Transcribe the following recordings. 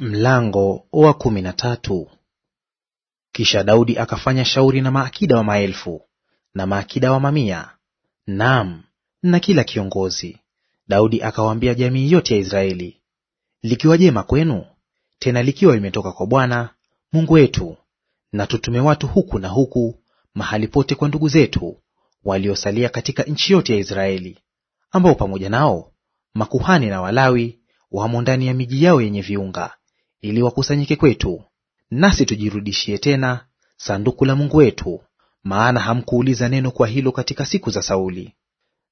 Mlango wa kumi na tatu. Kisha Daudi akafanya shauri na maakida wa maelfu na maakida wa mamia, naam, na kila kiongozi. Daudi akawaambia jamii yote ya Israeli, likiwa jema kwenu, tena likiwa limetoka kwa Bwana Mungu wetu, na tutume watu huku na huku mahali pote kwa ndugu zetu waliosalia katika nchi yote ya Israeli, ambao pamoja nao makuhani na Walawi wamo ndani ya miji yao yenye viunga ili wakusanyike kwetu, nasi tujirudishie tena sanduku la Mungu wetu, maana hamkuuliza neno kwa hilo katika siku za Sauli.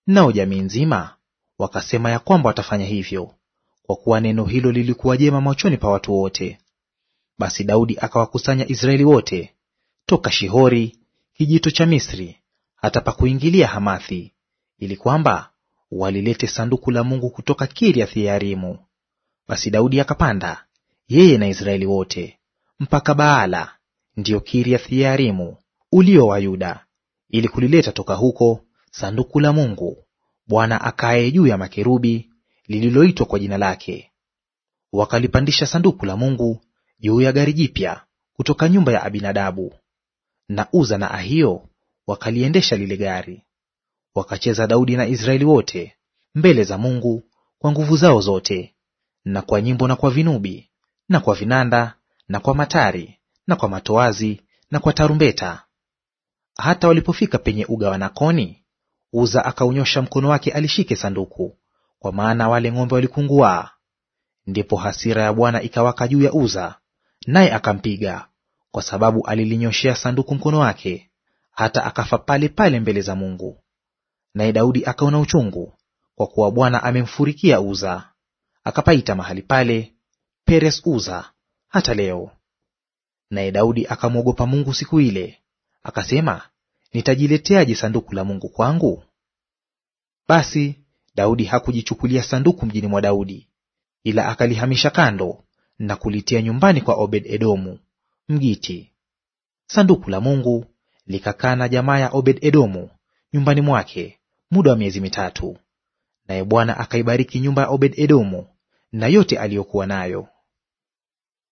Nao jamii nzima wakasema ya kwamba watafanya hivyo, kwa kuwa neno hilo lilikuwa jema machoni pa watu wote. Basi Daudi akawakusanya Israeli wote toka Shihori kijito cha Misri hata pa kuingilia Hamathi, ili kwamba walilete sanduku la Mungu kutoka Kiriath Yearimu. Basi Daudi akapanda yeye na Israeli wote mpaka Baala, ndiyo Kiriath Yearimu ulio wa Yuda, ili kulileta toka huko sanduku la Mungu Bwana akaye juu ya makerubi lililoitwa kwa jina lake. Wakalipandisha sanduku la Mungu juu ya gari jipya kutoka nyumba ya Abinadabu, na Uza na Ahio wakaliendesha lile gari. Wakacheza Daudi na Israeli wote mbele za Mungu kwa nguvu zao zote, na kwa nyimbo na kwa vinubi, na kwa vinanda na kwa matari na kwa matoazi na kwa tarumbeta. Hata walipofika penye uga wa Nakoni, Uza akaunyosha mkono wake alishike sanduku, kwa maana wale ng'ombe walikungua. Ndipo hasira ya Bwana ikawaka juu ya Uza, naye akampiga, kwa sababu alilinyoshea sanduku mkono wake, hata akafa pale pale mbele za Mungu. Naye Daudi akaona uchungu, kwa kuwa Bwana amemfurikia Uza. Akapaita mahali pale Peres Uza hata leo. Naye Daudi akamwogopa Mungu siku ile, akasema, nitajileteaje sanduku la Mungu kwangu? Basi Daudi hakujichukulia sanduku mjini mwa Daudi, ila akalihamisha kando na kulitia nyumbani kwa Obed Edomu Mgiti. Sanduku la Mungu likakaa na jamaa ya Obed Edomu nyumbani mwake muda wa miezi mitatu, naye Bwana akaibariki nyumba ya Obed Edomu na yote aliyokuwa nayo.